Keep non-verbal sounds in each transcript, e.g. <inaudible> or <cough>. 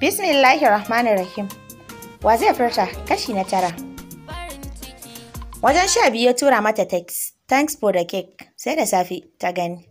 Bismillahi Rahmanir Rahim. Wa zai furta kashi na tara. Wajen sha biyu ya tura mata text, thanks for the cake, sai da Safi ta gani.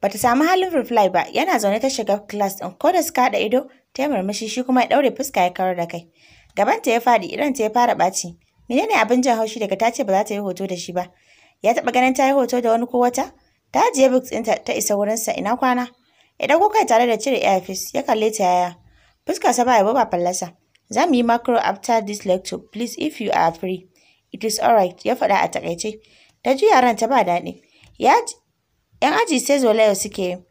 Bata samu halin reply ba, yana zaune ta shiga class ɗin ko da suka haɗa ido, ta murmushi shi kuma ya ɗaure fuska ya kawar da kai. Gabanta ya faɗi idan ta ya fara ɓaci. Menene abin jan haushi daga ta ce ba za ta yi hoto da shi ba? Ya taɓa ganin ta yi hoto da wani ko wata? Ta ajiye books ɗinta ta isa wurinsa ina kwana. Ya ɗauko kai tare da cire earpiece ya kalle ta yaya. fuska sa baya ba fallasa. Za mu yi macro after this lecture, please if you are free. It is all right, ya faɗa a takaice. Ta yaran ta ba daɗi. ‘Yan aji sai zolayo suke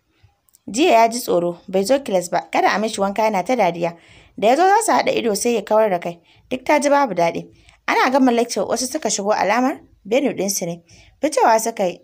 Jiya ya ji tsoro, bai zo kilas ba, kada a mishi wanka yana ta dadiya. Da ya zo za su haɗa ido sai ya kawar da kai, duk ta ji babu daɗi. Ana gama lecture wasu suka shigo alamar benu ɗinsu ne. Fitowa suka yi,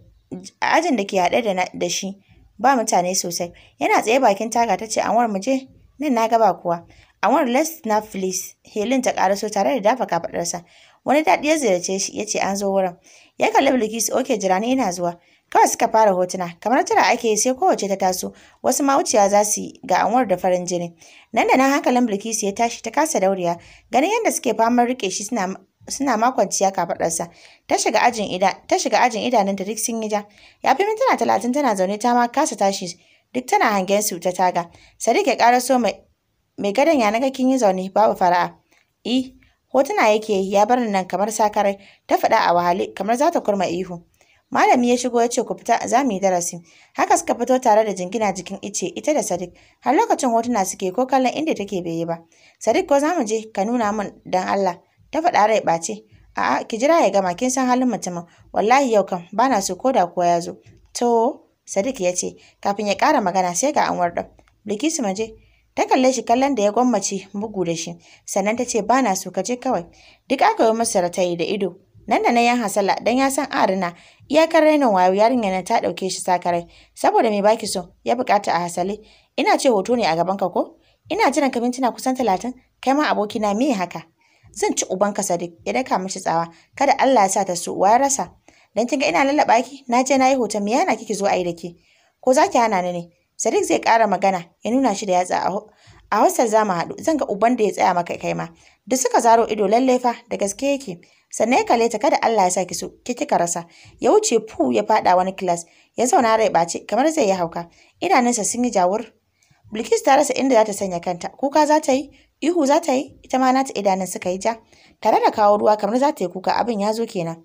ajin da ke haɗe da shi ba mutane sosai. Yana tsaye bakin taga ta ce, war mu je. nan na gaba kuwa a wani let's na please helin ta karaso tare da dafa kafadarsa wani daɗi ya ziyarce shi ya ce an zo wurin ya kalli bilkisu oke jira ni ina zuwa kawai suka fara hotuna kamar tara ake yi sai kowace ta taso wasu ma wuciya za su ga anwar da farin jini nan da nan hankalin bilkisu ya tashi ta kasa dauriya ganin yadda suke faman rike shi suna suna makwanciya kafaɗarsa ta shiga ajin ida ta idanunta duk sun yi ja ya fi mintuna talatin tana zaune ta ma kasa tashi duk tana hangen su ta taga sadiq ya karaso so mai gadon ya naga kin yi zaune babu fara'a i eh, hotuna yake ya bar nan kamar sakarai ta faɗa a wahale kamar za ta kurma ihu malami ya shigo ya ce ku fita za mu yi darasi haka suka fito tare da jingina jikin ice ita da sadiq har lokacin hotuna suke ko kallon inda take bai yi ba sadiq ko za mu je ka nuna mun dan allah ta faɗa rai ɓace a'a ki jira ya gama kin san halin mutumin wallahi yau kam bana so ko da kuwa ya zo to Sadiq ya ce, kafin ya ƙara magana sai ga Anwar ɗan. Bilkisu maje, ta kalle shi kallon da ya gwammace bugu da shi, sannan ta ce ba na so ka je kawai. Duk aka yi masa ta yi da ido. Nan da na yan hasala dan ya san arina iyakar rainon wayo yarinya na ta ɗauke shi sakarai. Saboda mai baki so ya buƙata a hasali Ina ce hoto ne a gaban ka ko? Ina jiran ka mintuna kusan talatin kai ma abokina me haka? Zan ci ubanka Sadiq ya daka mishi tsawa kada Allah ya sa ta so wa rasa. dan kin ga ina lallaba ki na je na yi hoton me yana kike zo ayi da ke ko zaki hana ni ne Sadiq zai kara magana ya nuna shi da yatsa a hostel za mu haɗu zan ga uban da ya tsaya maka kai ma duk suka zaro ido lalle fa da gaske yake sannan ya kale kada Allah ya sa ki so ki kika rasa ya wuce fu ya fada wani class ya zauna rai bace kamar zai yi hauka idanunsa sun yi jawur Bilkis ta rasa inda za ta sanya kanta kuka za ta yi ihu za ta yi ita ma nata idanun suka yi ja tare da kawo ruwa kamar za ta yi kuka abin ya zo kenan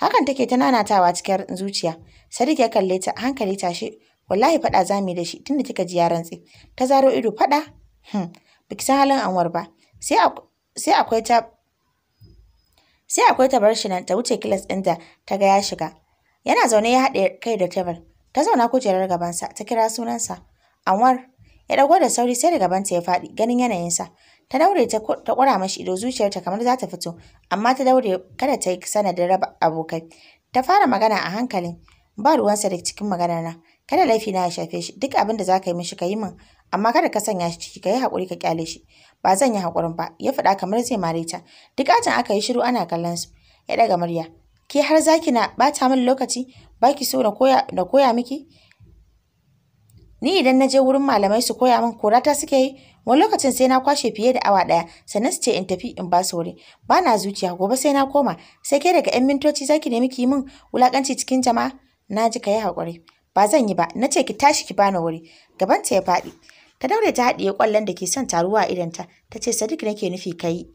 Hakan take ta nanatawa cikin zuciya. Sadiq ya kalle ta hankali tashi. Wallahi faɗa za mu yi da shi tunda kika ji yaran rantse. Ta zaro ido faɗa. Hmm. Biki san halin Anwar ba. Sai sai akwai ta sai akwai ta bar shi nan ta wuce kilas ɗin da ta ga ya shiga. Yana zaune ya haɗe kai da tebur. Ta zauna kujerar gaban sa ta kira sunansa. Anwar Ya dago da sauri sai da gabanta ya faɗi ganin yanayin sa Ta daure ta ƙura mashi ido zuciyarta kamar za ta fito, amma ta daure kada ta yi sanadin raba abokai. Ta fara magana a hankalin, ba ruwansa da cikin magana na. Kada laifi na ya shafe shi, duk abin da za ka yi mishi ka yi min, amma kada ka sanya shi ciki ka yi haƙuri ka kyale shi. Ba zan yi haƙurin ba, ya faɗa kamar zai mare ta. Duk ajin aka yi shiru ana kallon su. Ya ɗaga murya. Ke har zaki na ɓata min lokaci, ba ki so na koya miki? Ni idan na je wurin malamai su koya min ta suke yi, wani lokacin sai na kwashe fiye da awa ɗaya, sannan su ce in tafi in ba su wuri. Ba na zuciya, gobe sai na koma, sai ke daga 'yan mintoci za ki nemi ki yi min wulakanci cikin jama'a. Na ji ka yi haƙuri. Ba zan yi ba, na ce ki tashi ki bani wuri. ta ya faɗi. Ta daure ta haɗiye ƙwallon da ke son taruwa a idanta, ta ce Sadiq nake nufi ka yi.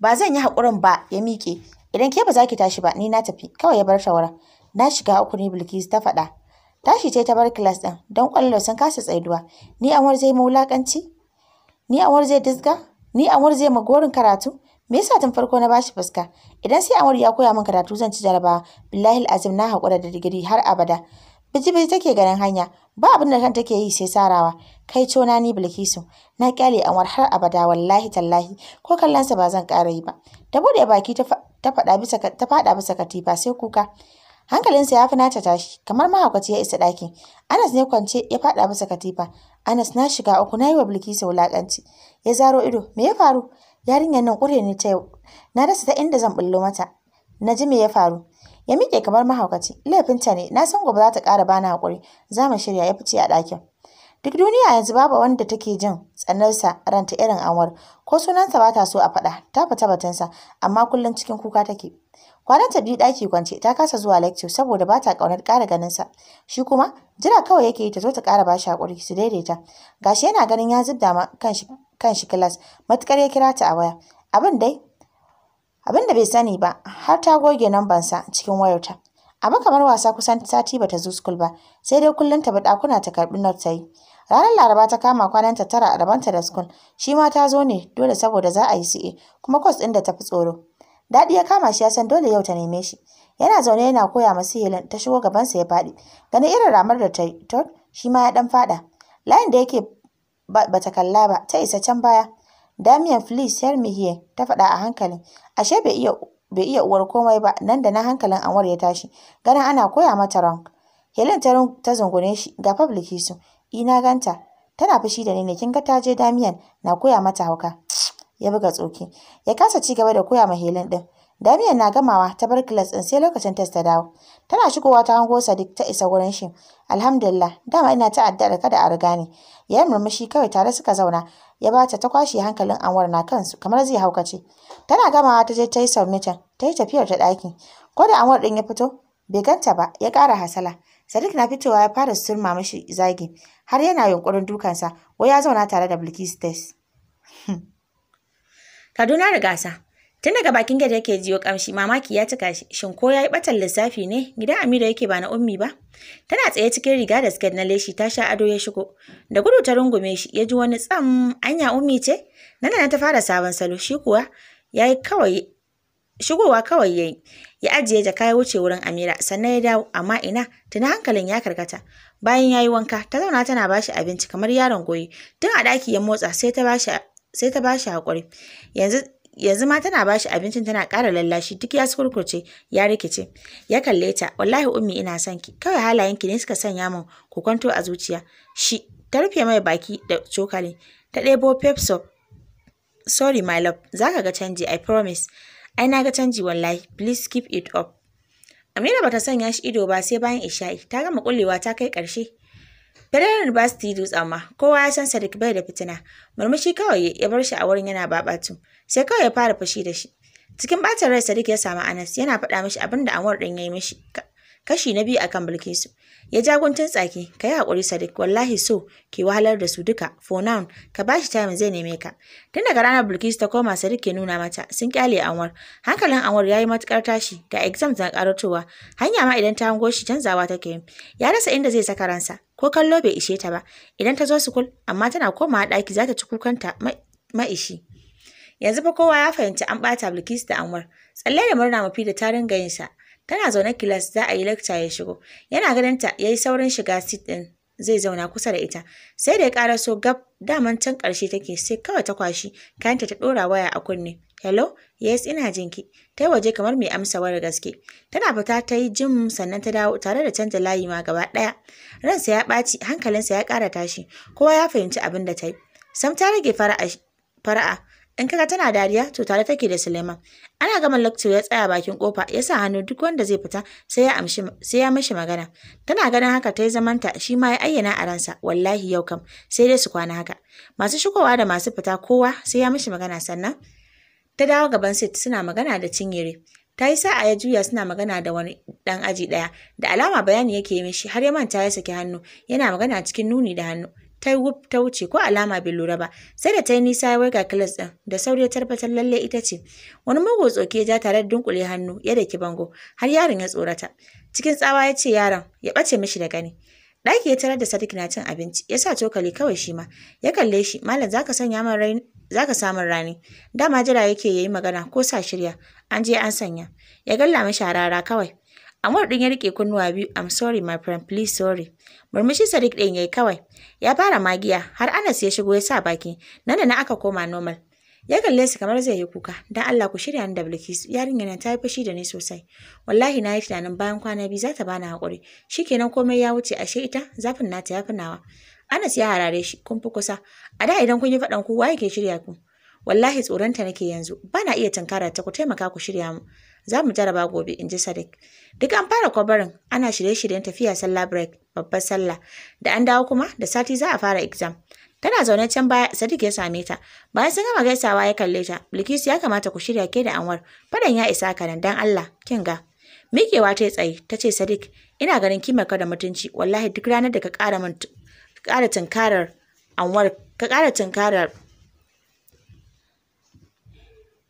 Ba zan yi haƙurin ba, ya miƙe. Idan ke ba za ki tashi ba, ni na tafi, kawai ya bar ta wurin. Na shiga uku Bilkisu ta faɗa. Tashi ce ta bar kilas ɗin don kwallo sun kasa tsaiduwa. Ni Anwar zai mawulaƙanci? Ni Anwar zai disga? Ni Anwar zai magorin karatu? Me yasa tun farko na bashi fuska? Idan sai Anwar ya koya min karatu zan ci jarabawa. Billahi azim na hakura da digiri har abada. Biji-biji take ganin hanya. Ba abin da kan take yi sai sarawa. Kai cona ni Bilkisu. Na kyale Anwar har abada wallahi tallahi ko kallonsa ba zan kara yi ba. Da bude baki ta faɗa bisa ta faɗa bisa katifa sai kuka. hankalinsa ya fi nata tashi kamar mahaukaci ya isa ɗakin anas ne kwance ya faɗa masa katifa anas na shiga uku na yi wa bilkisu wulaƙanci ya zaro ido me ya faru yarinyar nan ƙure ne ta yau na rasa ta inda zan bullo mata na ji me ya faru ya miƙe kamar mahaukaci laifinta ne na san gobe za ta ƙara bani haƙuri za mu shirya ya fice a ɗakin Duk duniya yanzu babu wanda take jin tsanarsa ranta irin Anwar, ko sunansa ba ta so a faɗa, ta fita batunsa, amma kullum cikin kuka take. Kwananta biyu ɗaki kwance ta kasa zuwa lecture saboda ba ta ƙaunar ƙara ganinsa. Shi kuma jira kawai yake yi ta zo ta ƙara bashi shi haƙuri su daidaita. Gashi yana ganin ya zubda ma kanshi kanshi kilas matuƙar ya kira ta a waya. Abin dai abin da bai sani ba har ta goge sa cikin wayarta. amma kamar wasa kusan sati bata zo school ba sai dai kullum ta bi ɗakuna ta karɓi note ta yi. Ranar Laraba ta kama kwananta tara a rabanta da school. Shi ma ta zo ne dole saboda za a yi CA kuma kwas ɗin da ta fi tsoro. Daɗi ya kama shi ya san dole yau ta neme shi. Yana zaune yana koya masu Helen ta shigo gaban sa ya faɗi. Ganin irin ramar da ta yi, shi ma ya ɗan faɗa. Layin da yake ba ta kalla ba ta isa can baya. Damian Fleece yar mihiye ta faɗa a hankali. Ashe bai iya bai iya uwar komai ba nan da na hankalin Anwar ya tashi. Ganin ana koya mata rank. Helen ta zungune shi ga public su. Ina ganta tana fushi da ni ne kin ga ta je damiyan na koya mata hauka <sniffs> ya buga tsoki ya kasa ci gaba da koya ma helen din Damiyan na gamawa ta bar class din sai lokacin test ta dawo tana shigowa ta hango sadiq ta isa wurin shi alhamdulillah dama ina ta da kada a riga ne. ya yi murmushi kawai tare suka zauna ya bata ta kwashe hankalin anwar na kansu kamar zai haukace tana gamawa ta je ta yi submission ta yi tafiyar ta ɗaki ko da anwar din ya fito bai ganta ba ya kara hasala Sadiq na fitowa ya fara surma mashi zagi har yana yunkurin dukansa wai ya zauna tare da Bilkis Tess. Hmm. Kaduna da gasa. Tun daga bakin gada yake jiyo kamshi mamaki ya cika shi shin ko ya yi batan lissafi ne gidan Amira yake ba na ummi ba tana tsaye cikin riga da skirt na leshi ta sha ado ya shigo da gudu ta rungume shi ya ji wani tsam anya ummi ce nana ta fara sabon salo shi kuwa yayi kawai Shigowa kawai ya ya ajiye jaka ya wuce wurin Amira sannan ya dawo amma ina tuna hankalin ya karkata. Bayan ya yi wanka ta zauna tana bashi abinci kamar yaron goyi tun a ɗaki ya motsa sai ta bashi sai haƙuri. Yanzu ma tana bashi abincin tana ƙara lallashi duk ya kurkurce ya rikice ya kalle ta wallahi ummi ina son ki kawai ki ne suka sanya min ku kwanto a zuciya shi ta rufe mai baki da cokali ta ɗebo pepsop sorry my love zaka ga canji i promise Ai na ga canji wallahi, please keep it up. Amira bata sanya shi ido ba sai bayan Isha'i, ta gama kullewa ta kai ƙarshe. Federal University dus amma kowa ya san Sadiq bai da fitina, murmushi kawai ya bar shi a wurin yana babatu, sai kawai ya fara fashi da shi. Cikin ɓatar rai Sadiq ya samu Anas yana faɗa mishi abin da Anwar ɗin ya yi mishi, kashi na biyu akan Bilkisu. Ya ja tsaki, ka yi hakuri Sadiq, wallahi so, ke wahalar da su duka, for now, ka bashi shi time zai neme ka. Tun daga ranar Bilkisu ta koma Sadiq ke nuna mata, sun kyale Anwar. Hankalin Anwar ya yi matukar tashi, da exam zan ƙaratowa, hanya ma idan ta hango shi canzawa ta yi. Ya rasa inda zai saka ransa, ko kallo bai ishe ta ba. Idan ta zo sukul, amma tana koma ɗaki za ta ci kukanta maishi. Yanzu fa kowa ya fahimci an ɓata Bilkisu da Anwar. Tsalle da murna mafi da ta ringa Tana zaune kilas za a yi lecture ya shigo. Yana ganin ya yi saurin shiga sit ɗin zai zauna kusa da ita. Sai da ya kara so gab daman can ƙarshe take sai kawai ta kwashi kayanta ta ɗora waya a kunne. Hello? Yes, ina jinki. Ta waje kamar mai amsa wani gaske. Tana fita ta yi jim sannan ta dawo tare da canza layi ma gaba ɗaya. Ransa ya ɓaci, hankalinsa ya kara tashi. Kowa ya fahimci abin da ta yi. Sam ta rage fara'a In kaga tana dariya to tare take da Suleiman. Ana gama lecture ya tsaya bakin kofa ya sa hannu duk wanda zai fita sai ya amshi sai ya mishi magana. Tana ganin haka ta yi zamanta shi ma ya ayyana a ransa wallahi yau kam sai dai su kwana haka. Masu shigowa da masu fita kowa sai ya mishi magana sannan ta dawo gaban sit suna magana da cinyere. Ta yi sa'a ya juya suna magana da wani dan aji daya da alama bayani yake mishi har ya manta ya saki hannu yana magana cikin nuni da hannu. ta yi wuf ta wuce ko alama bai lura ba sai da ta yi nisa ya waiga kilas ɗin da sauri ya tabbatar lalle ita ce wani mugun tsoke ja tare da dunkule hannu ya daki bango har yaron ya tsorata cikin tsawa ya ce yaron ya ɓace mishi da gani ɗaki ya tarar da Sadiq na cin abinci, ya sa cokali kawai shi ma, ya kalle shi, Malam zaka ka sanya min rai zaka samun rani. Dama jira yake yayi magana ko sa shirya, an je an sanya. Ya galla mishi harara kawai. Amur ɗin ya rike kunnuwa biyu, I'm sorry my friend, please sorry. Murmushin Sadiq ɗin yayi kawai. Ya fara magiya, har Anas ya shigo ya sa baki, nan da na aka koma normal. Ya kalle su kamar zai yi kuka, dan Allah ku shirya ni da Bilkisu, yarinya na ta yi fashi da ni sosai. Wallahi na yi tunanin bayan kwana biyu za ta bani haƙuri, shikenan komai ya wuce ashe ita zafin nata ya fi nawa. Anas ya harare shi, kun fi kusa. A da idan kun yi faɗan ku waye ke shirya ku? Wallahi tsoronta nake yanzu, bana iya tunkara ta ku taimaka ku shirya mu. za mu jaraba gobe in ji Sadiq. Duk an fara kwabarin ana shirye-shiryen tafiya sallah break babbar sallah da an dawo kuma da sati za a fara exam. Tana zaune can baya Sadiq ya same ta. Bayan sun gama gaisawa ya kalle ta. Bilkisu ya kamata ku shirya ke da Anwar. Fadan ya isa ka nan dan Allah kin ga. Mikewa ta tsaye ta ce Sadiq ina ganin kimarka da mutunci wallahi duk ranar da ka ƙara tunkarar Anwar ka ƙara tunkarar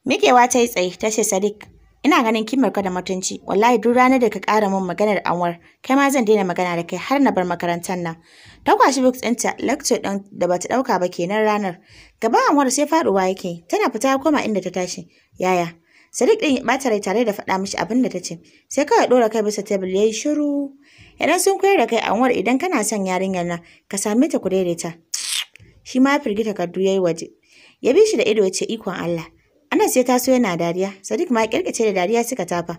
ta yi tsaye ta ce Sadiq ina ganin kin ka da mutunci wallahi duk ranar da ka kara min maganar anwar kai ma zan daina magana da kai har na bar makarantar nan ta kwashi books ɗinta lecture ɗin da bata ɗauka ba kenan ranar gaba anwar sai faɗuwa yake tana fita ya koma inda ta tashi yaya Sadiq ɗin ɓata rai tare da faɗa mishi abin da ta ce, sai kawai ɗora kai bisa tebur ya yi shiru. Idan sun koyar da kai anwar idan kana son yarinyar nan, ka same ta ku daidaita. Shi ma ya firgita kaddu ya yi waje. Ya bi shi da ido ya ce ikon Allah. Anas ya taso yana dariya, Sadiq ma ya kirkice da dariya suka tafa.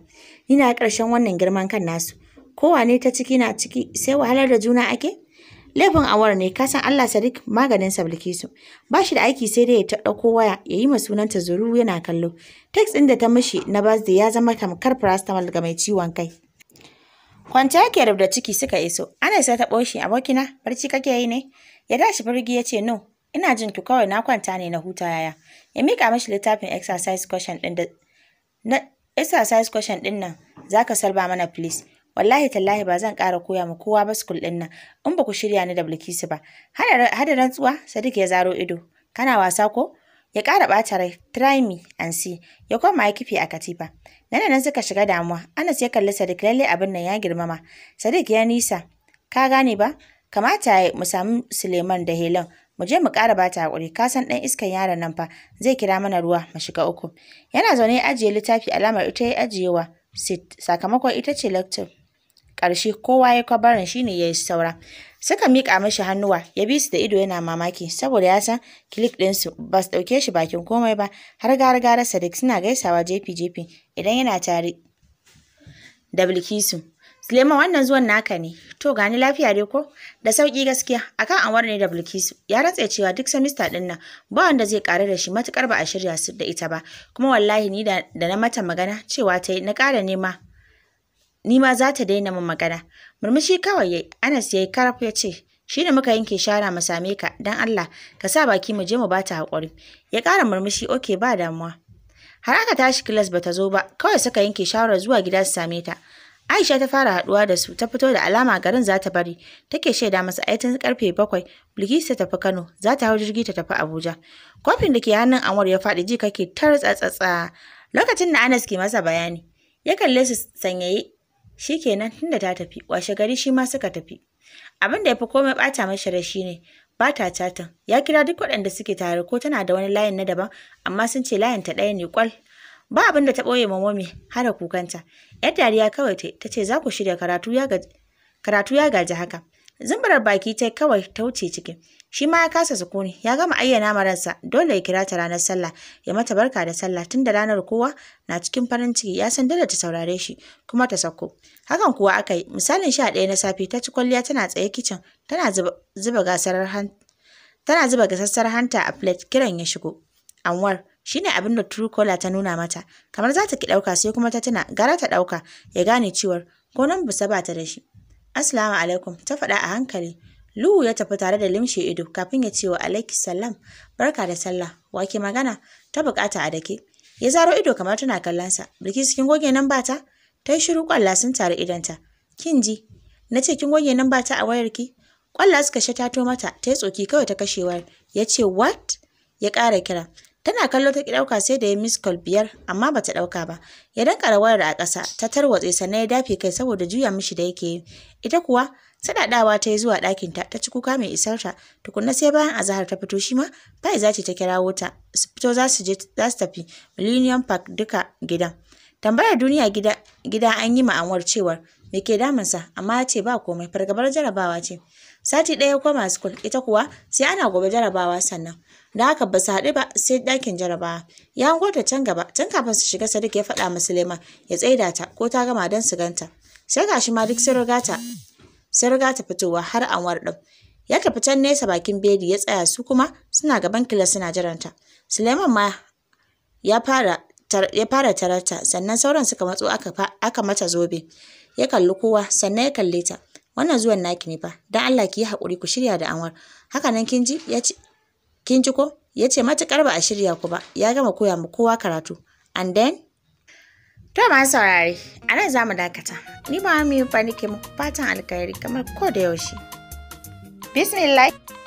Ni na ƙarshen wannan girman kan nasu. Kowane ta ciki na ciki sai wahalar da juna ake? Laifin awar ne, ka san Allah Sadiq maganin Bilkisu. Ba shi da aiki sai dai ya ta ɗauko waya ya yi sunanta zuru yana kallo. Text ɗin da ta mishi na birthday ya zama tamkar paracetamol ga mai ciwon kai. Kwanta yake rubda ciki suka iso. Anas ya taɓo shi abokina, barci kake yi ne? Ya tashi firgi ya ce no, Ina jin ki kawai na kwanta ne na huta yaya. Ya mika mashi littafin exercise question din da na exercise question din nan zaka salba mana please. Wallahi tallahi ba zan kara koya ma kowa ba school din nan in ba ku shirya ni da Bilkisu ba. Hada rantsuwa Sadiq ya zaro ido. Kana wasa ko? Ya ƙara ɓata rai, try me and see, ya koma ya kife a katifa. Nana nan suka shiga damuwa, Anas ya kalli Sadiq lalle abin nan ya girmama. Sadiq ya nisa, ka gane ba? Kamata ya mu samu Suleiman da Helen mu je mu ƙara bata hakuri ka san ɗan iskan yaron nan fa zai kira mana ruwa mu shiga uku yana zaune ajiye littafi alamar ita ya ajiyewa sit sakamakon ita ce lecture ƙarshe kowa ya kwabarin shine ya yi saura suka mika mashi hannuwa ya bi su da ido yana mamaki saboda ya san kilik ɗinsu ba su ɗauke shi bakin komai ba har gara gara sadik suna gaisawa jefi jefi idan yana tare da bilkisu sulema wannan zuwan naka ne. To gani lafiya dai ko? Da sauƙi, gaskiya. Akan Anwar ne da Bilkisu. Ya ratse cewa duk semester din nan ba wanda zai ƙara da shi matukar ba a shirya su da ita ba. Kuma wallahi ni da, na mata magana cewa ta yi na ƙara nema. Ni ma za ta daina min magana. Murmushi kawai yayi. Anas yayi karaf ya ce, shi ne muka yanke shara mu same ka dan Allah ka sa baki mu je mu bata haƙuri. ya ƙara murmushi oke ba damuwa har aka tashi kilas bata zo ba kawai suka yanke shawarar zuwa gida su same ta Aisha ta fara haɗuwa da su ta fito da alama garin za ta bari take shaida masa aitin karfe bakwai Bilkisu ta tafi Kano za ta hau jirgi ta tafi Abuja. Kofin da ke hannun Anwar ya faɗi ji kake tar tsatsatsa lokacin da Anas ke masa bayani ya kalle su sanyaye kenan tunda ta tafi washe gari shi ma suka tafi. Abin da ya fi komai ɓata mashi rai ne, ba ta catan ya kira duk waɗanda suke tare ko tana da wani layin na daban amma sun ce layin ta ɗaya ne kwal Ba abin da ta ɓoye ma momi hada kukanta. ‘Yar dariya kawai ta ce za ku shirya karatu ya gaji. haka. Zumbarar baki ta kawai ta wuce ciki. Shi ma ya kasa sukuni, ya gama ayyana maransa, dole ya kira ta ranar sallah, ya mata barka da sallah tun da ranar kowa na cikin farin ciki, ya san dole ta saurare shi, kuma ta sako Hakan kuwa aka yi, misalin sha ɗaya na safe ta ci kwalliya tana tsaye kicin, tana zuba gasassar hanta a plate kiran ya shigo. Anwar, shine abin da Truecaller ta nuna mata kamar za ta ki ɗauka sai kuma ta tuna gara ta ɗauka ya gane cewar ko nan busa ba ta da shi Assalamu alaikum ta faɗa a hankali Luhu ya tafi tare da limshe ido kafin ya ce wa alaiki salam barka da sallah wake magana ta bukata a dake ya zaro ido kamar tana kallonsa biki kin goge nan bata ta yi shiru kwalla sun tare idanta kin ji na ce kin goge nan bata a wayarki kwalla suka to mata ta yi tsoki kawai ta kashewar ya ce what ya ƙara kira Tana kallo ta ki ɗauka sai da ya miss call biyar amma bata ɗauka ba. Ya danka wayar a ƙasa ta tarwatse sannan ya dafe kai saboda juya mishi da yake yi. Ita kuwa saɗaɗawa ta yi zuwa ɗakinta ta ci kuka mai isar ta tukunna sai bayan azahar ta fito shi ma Faiza ce ta kirawo ta su fito za su tafi Millennium Park duka gidan. Tambayar duniya gida, gida an yi ma'anwar cewar me ke damunsa amma ya ce ba komai fargabar jarabawa ce. Sati ɗaya koma school ita kuwa sai ana gobe jarabawa sannan. da haka ba su haɗu ba sai ɗakin jaraba ya hango ta can gaba tun kafin su shiga sadiq ya faɗa ma suleiman ya tsaida ta ko ta gama don su ganta sai ga shi ma duk sun riga ta sun fitowa har anwar ɗin ya tafi can nesa bakin bedi ya tsaya su kuma suna gaban kilas suna jiranta suleiman ma ya fara ya fara tararta sannan sauran suka matso aka mata zobe ya kalli kowa sannan ya kalle ta wannan zuwan naki ne fa dan Allah ki yi hakuri ku shirya da Anwar haka nan kin ji ya kin ji ko ya ce matuƙar ba a shirya ku ba ya gama koya mu kowa karatu and then to ma saurare a nan za mu dakata ni ba mu yi fa nake muku fatan alkhairi kamar ko da yaushe bismillah